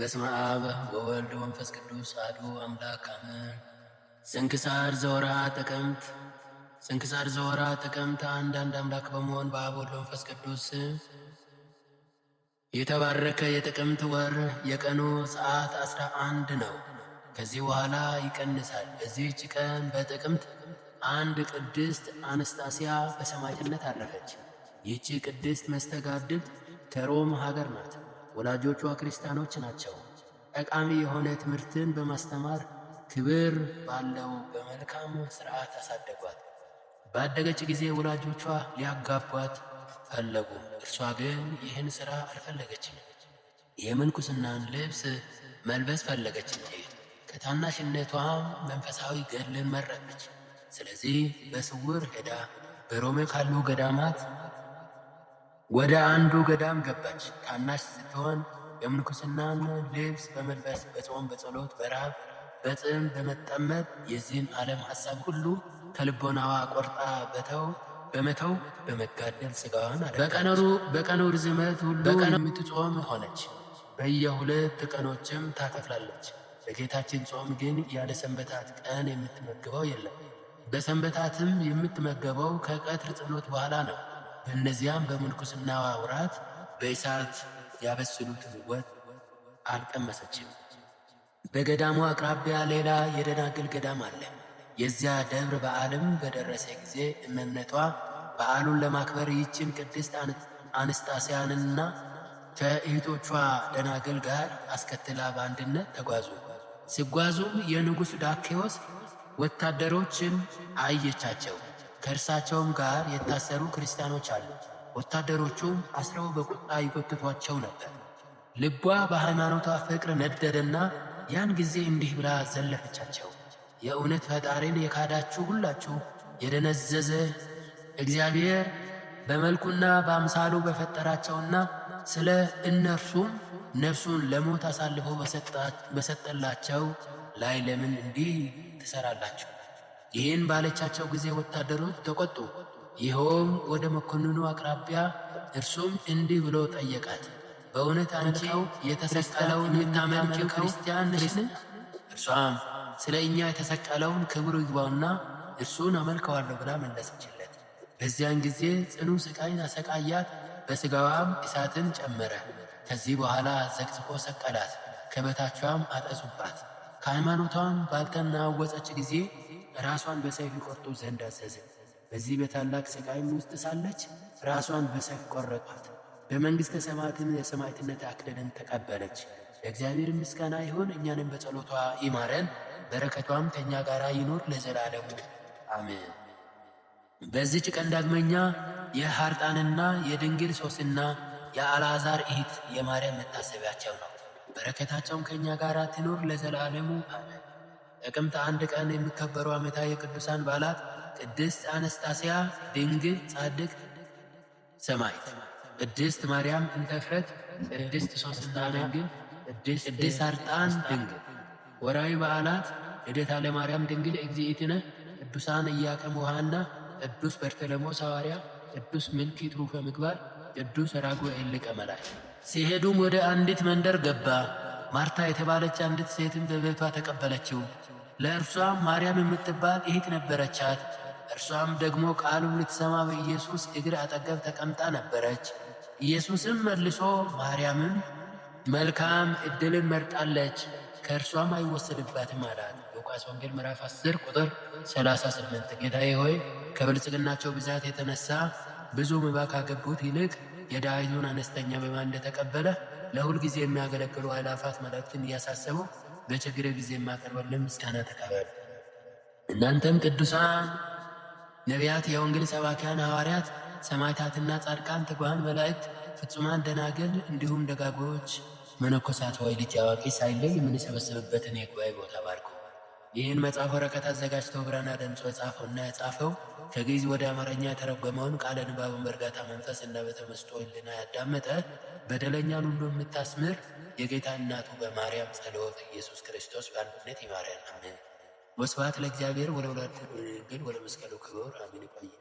በስመ አብ ወወልድ ወንፈስ ቅዱስ አሐዱ አምላክ አሜን። ስንክሳር ዘወርኃ ጥቅምት። ስንክሳር ዘወርኃ ጥቅምት አንድ አንድ አምላክ በመሆን በአብ ወልድ ወንፈስ ቅዱስ የተባረከ የጥቅምት ወር የቀኑ ሰዓት አስራ አንድ ነው። ከዚህ በኋላ ይቀንሳል። በዚህች ቀን በጥቅምት አንድ ቅድስት አነስታሲያ በሰማዕትነት አረፈች። ይህች ቅድስት መስተጋድልት ከሮም ሀገር ናት። ወላጆቿ ክርስቲያኖች ናቸው። ጠቃሚ የሆነ ትምህርትን በማስተማር ክብር ባለው በመልካም ስርዓት አሳደጓት። ባደገች ጊዜ ወላጆቿ ሊያጋቧት ፈለጉ። እርሷ ግን ይህን ሥራ አልፈለገችም። የምንኩስናን ልብስ መልበስ ፈለገች እንጂ ከታናሽነቷም መንፈሳዊ ገድልን መረጠች። ስለዚህ በስውር ሄዳ በሮሜ ካሉ ገዳማት ወደ አንዱ ገዳም ገባች። ታናሽ ስትሆን የምንኩስናን ልብስ በመልበስ በጾም በጸሎት በረሃብ በጥም በመጠመጥ የዚህን ዓለም ሐሳብ ሁሉ ከልቦናዋ ቆርጣ በተው በመተው በመጋደል ስጋዋን በቀኖሩ በቀኑ ርዝመት ሁሉ የምትጾም ሆነች። በየሁለት ቀኖችም ታከፍላለች። በጌታችን ጾም ግን ያለ ሰንበታት ቀን የምትመግበው የለም። በሰንበታትም የምትመገበው ከቀትር ጸሎት በኋላ ነው። እነዚያም በምንኩስና ወራት በእሳት ያበሰሉትን ወጥ አልቀመሰችም። በገዳሙ አቅራቢያ ሌላ የደናግል ገዳም አለ። የዚያ ደብረ በዓልም በደረሰ ጊዜ እመምነቷ በዓሉን ለማክበር ይህችን ቅድስት አንስጣስያንና ከእህቶቿ ደናግል ጋር አስከትላ በአንድነት ተጓዙ። ሲጓዙም የንጉሥ ዳኬዎስ ወታደሮችን አየቻቸው። ከእርሳቸውም ጋር የታሰሩ ክርስቲያኖች አሉ። ወታደሮቹም አስረው በቁጣ ይጎትቷቸው ነበር። ልቧ በሃይማኖቷ ፍቅር ነደደና ያን ጊዜ እንዲህ ብላ ዘለፈቻቸው። የእውነት ፈጣሪን የካዳችሁ ሁላችሁ የደነዘዘ እግዚአብሔር በመልኩና በአምሳሉ በፈጠራቸውና ስለ እነርሱም ነፍሱን ለሞት አሳልፎ በሰጠላቸው ላይ ለምን እንዲህ ትሰራላችሁ? ይህን ባለቻቸው ጊዜ ወታደሮች ተቆጡ። ይኸውም ወደ መኮንኑ አቅራቢያ፣ እርሱም እንዲህ ብሎ ጠየቃት። በእውነት አንቺ የተሰቀለውን የምታመልኪው ክርስቲያን ነሽን? እርሷም ስለ እኛ የተሰቀለውን ክብሩ ይግባውና እርሱን አመልከዋለሁ ብላ መለሰችለት። በዚያን ጊዜ ጽኑ ስቃይን አሰቃያት፣ በሥጋዋም እሳትን ጨመረ። ከዚህ በኋላ ዘቅዝቆ ሰቀላት፣ ከበታቿም አጠሱባት። ከሃይማኖቷም ባልተናወፀች ጊዜ ራሷን በሰይፍ ይቆርጡ ዘንድ አዘዘ። በዚህ በታላቅ ሥቃይም ውስጥ ሳለች ራሷን በሰይፍ ቆረጧት። በመንግሥተ ሰማያትም የሰማዕትነት አክሊልን ተቀበለች። ለእግዚአብሔር ምስጋና ይሁን፣ እኛንም በጸሎቷ ይማረን፣ በረከቷም ከእኛ ጋር ይኖር ለዘላለሙ አሜን። በዚች ቀን ዳግመኛ የሐርጣንና የድንግል ሶስና የአልዓዛር እህት የማርያም መታሰቢያቸው ነው። በረከታቸውም ከእኛ ጋር ትኖር ለዘላለሙ አሜን። ጥቅምት አንድ ቀን የሚከበሩ ዓመታዊ የቅዱሳን በዓላት ቅድስት አነስታሲያ ድንግል ጻድቅ ሰማዕት፣ ቅድስት ማርያም እንተፍረት፣ ቅድስት ሶስና ድንግል፣ ቅድስት አርጣን ድንግል። ወርኃዊ በዓላት ልደታ ለማርያም ድንግል እግዚእትነ፣ ቅዱሳን ኢያቄም ወሐና፣ ቅዱስ በርተሎሜዎስ ሐዋርያ፣ ቅዱስ ምልኪ ትሩፈ ምግባር፣ ቅዱስ ራጉኤል ሊቀ መላእክት። ሲሄዱም ወደ አንዲት መንደር ገባ። ማርታ የተባለች አንዲት ሴትም በቤቷ ተቀበለችው። ለእርሷም ማርያም የምትባል እህት ነበረቻት። እርሷም ደግሞ ቃሉን ልትሰማ በኢየሱስ እግር አጠገብ ተቀምጣ ነበረች። ኢየሱስም መልሶ ማርያምም መልካም ዕድልን መርጣለች፣ ከእርሷም አይወሰድባትም አላት። ሉቃስ ወንጌል ምዕራፍ 10 ቁጥር 38። ጌታዬ ሆይ ከብልጽግናቸው ብዛት የተነሳ ብዙ መባ ካገቡት ይልቅ የድሃይቱን አነስተኛ መባ እንደተቀበለ ጊዜ የሚያገለግሉ ኃላፋት መላእክትን እያሳሰቡ በችግር ጊዜ የማቀርበልን ምስጋና ተቀበል። እናንተም ቅዱሳን ነቢያት፣ የወንጌል ሰባኪያን ሐዋርያት፣ ሰማዕታትና ጻድቃን፣ ትጉሃን መላእክት፣ ፍጹማን ደናግል፣ እንዲሁም ደጋጎች መነኮሳት ወይ ልጅ አዋቂ ሳይለይ የምንሰበሰብበትን የጉባኤ ቦታ ይህን መጽሐፍ ወረቀት አዘጋጅተው ብራና ደምጾ ጻፈውና የጻፈው ከግዕዝ ወደ አማርኛ የተረጎመውን ቃለ ንባቡን በእርጋታ መንፈስ እና በተመስጦ ልና ያዳመጠ በደለኛን ሁሉ የምታስምር የጌታ እናቱ በማርያም ጸሎት ኢየሱስ ክርስቶስ በአንድነት ይማርያል። አሜን። ወስብሐት ለእግዚአብሔር ወለወላዲቱ ድንግል ወለመስቀሉ ክቡር አሜን። ይቆየ